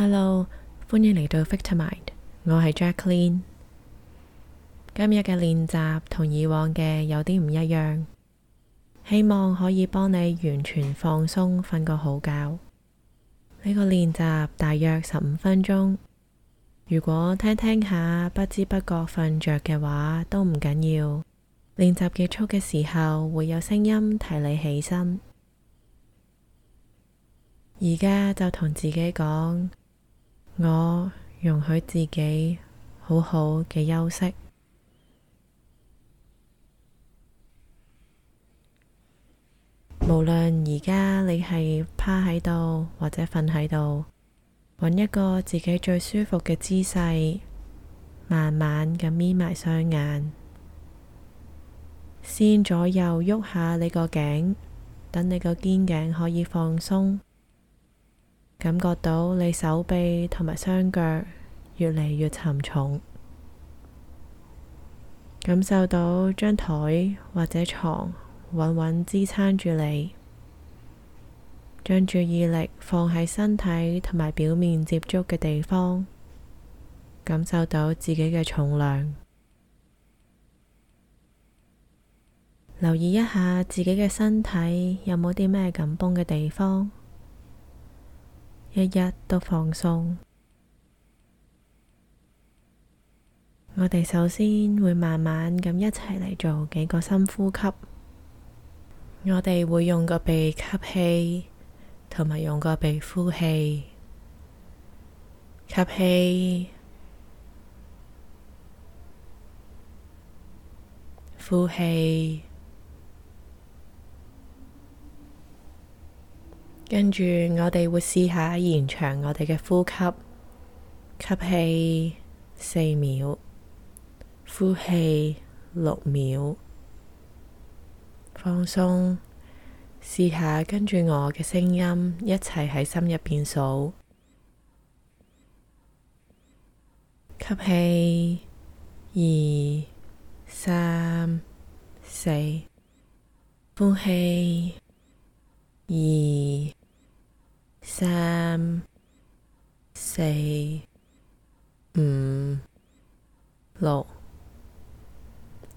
hello，歡迎嚟到 Victimind，我係 Jacqueline。今日嘅練習同以往嘅有啲唔一樣，希望可以幫你完全放鬆，瞓個好覺。呢個練習大約十五分鐘，如果聽聽下不知不覺瞓着嘅話都唔緊要。練習結束嘅時候會有聲音提你起身。而家就同自己講。我容許自己好好嘅休息。無論而家你係趴喺度，或者瞓喺度，揾一個自己最舒服嘅姿勢，慢慢咁眯埋雙眼，先左右喐下你個頸，等你個肩頸可以放鬆。感覺到你手臂同埋雙腳越嚟越沉重，感受到張檯或者床穩穩支撐住你，將注意力放喺身體同埋表面接觸嘅地方，感受到自己嘅重量，留意一下自己嘅身體有冇啲咩緊繃嘅地方。一日都放鬆。我哋首先會慢慢咁一齊嚟做幾個深呼吸。我哋會用個鼻吸氣，同埋用個鼻呼氣。吸氣，呼氣。跟住，我哋會試下延長我哋嘅呼吸，吸氣四秒，呼氣六秒，放鬆。試下跟住我嘅聲音一齊喺心入邊數，吸氣二三四，呼氣二。2、三、四、五、六，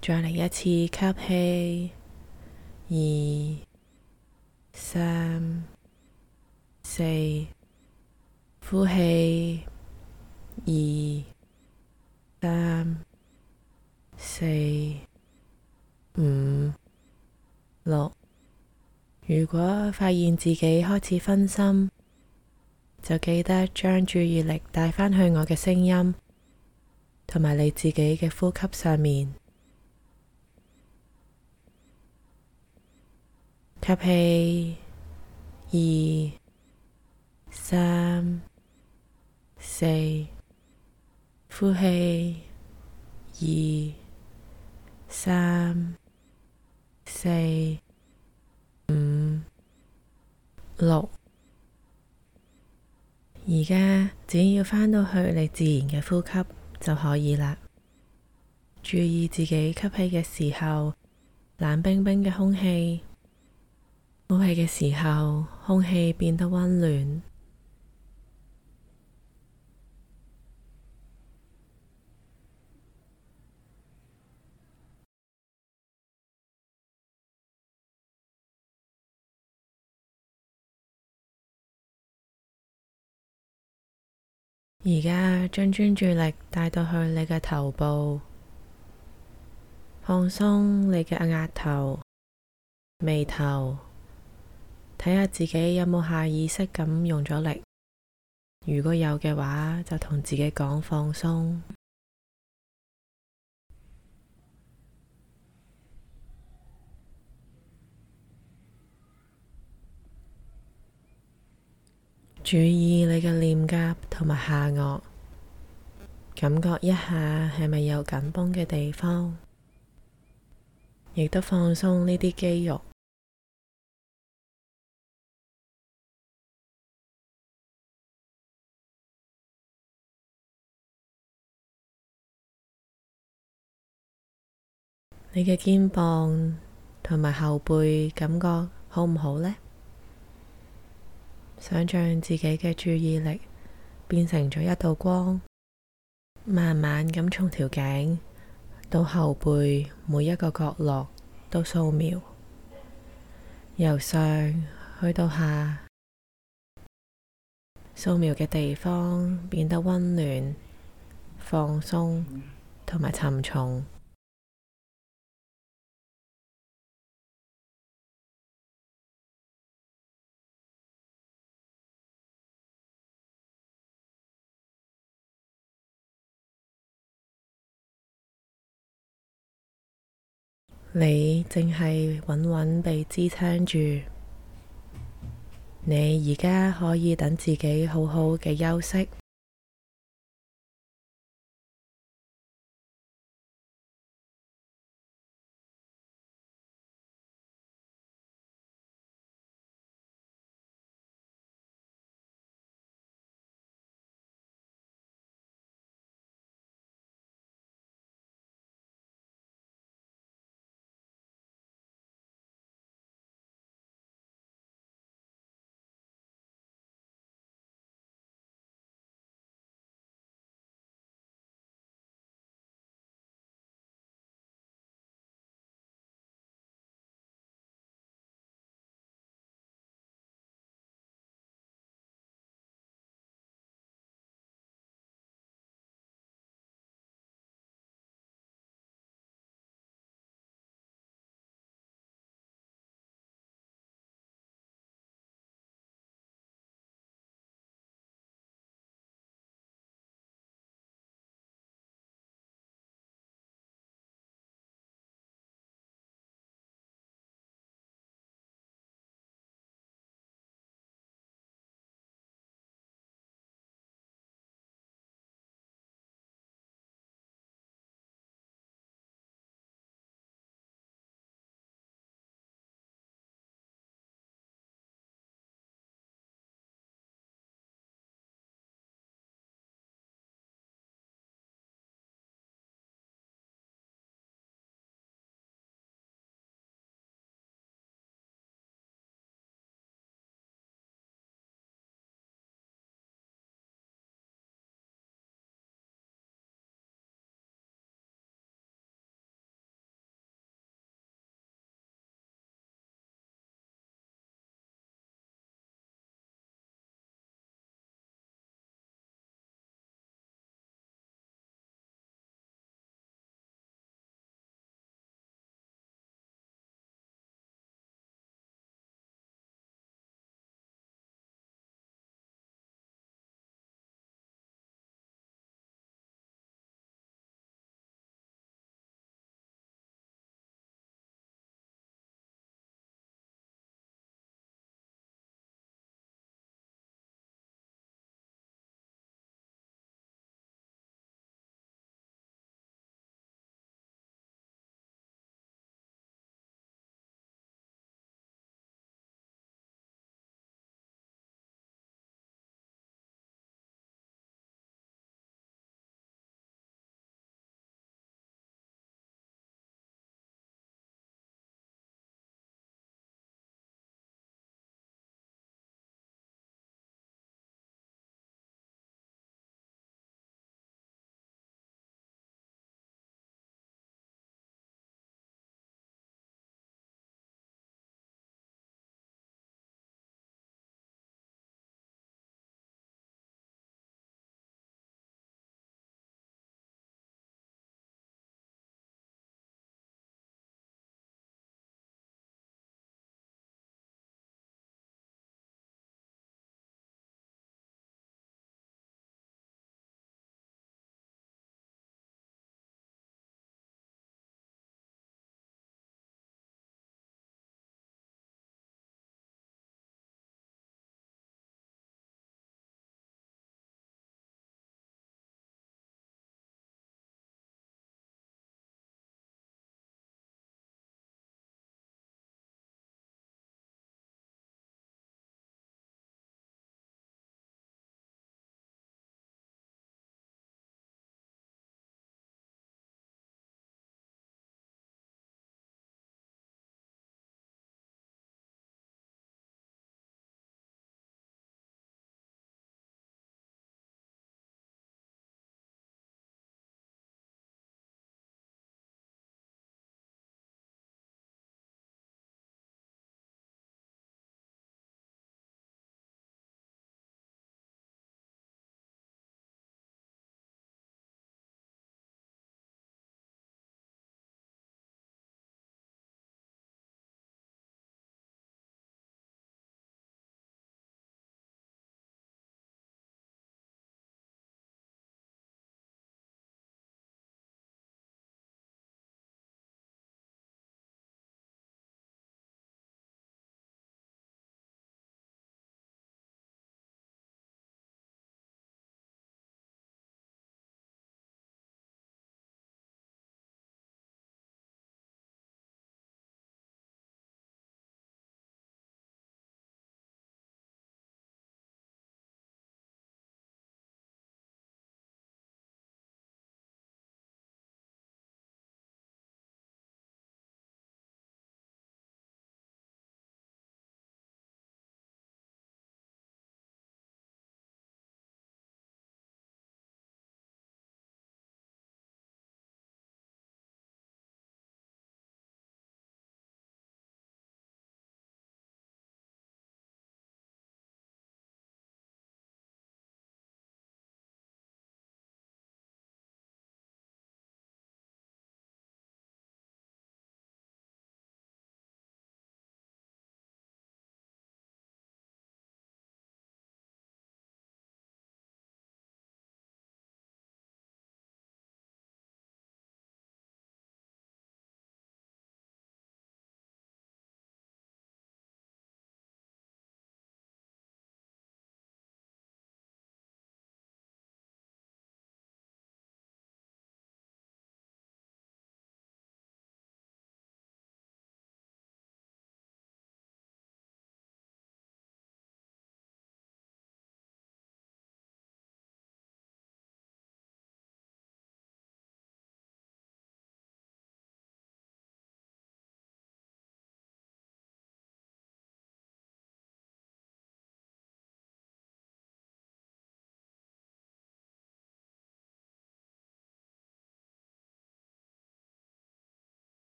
再嚟一次吸氣，二、三、四，呼氣，二、三、四、五、六。如果發現自己開始分心，就記得將注意力帶返去我嘅聲音同埋你自己嘅呼吸上面。吸氣，二三四，呼氣，二三四五。六，而家只要翻到去你自然嘅呼吸就可以啦。注意自己吸氣嘅時候，冷冰冰嘅空氣；呼氣嘅時候，空氣變得溫暖。而家將專注力帶到去你嘅頭部，放鬆你嘅額頭、眉頭，睇下自己有冇下意識咁用咗力。如果有嘅話，就同自己講放鬆。注意你嘅臉頰同埋下顎，感覺一下係咪有緊繃嘅地方，亦都放鬆呢啲肌肉。你嘅肩膀同埋後背感覺好唔好呢？想象自己嘅注意力變成咗一道光，慢慢咁從條頸到後背每一個角落都掃描，由上去到下，掃描嘅地方變得溫暖，放鬆同埋沉重。你正係穩穩地支撐住，你而家可以等自己好好嘅休息。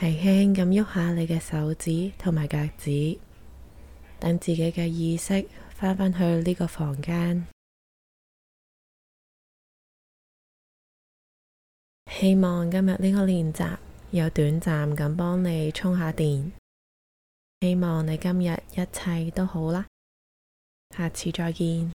輕輕咁喐下你嘅手指同埋腳趾，等自己嘅意識返返去呢個房間。希望今日呢個練習有短暫咁幫你充下電。希望你今日一切都好啦，下次再見。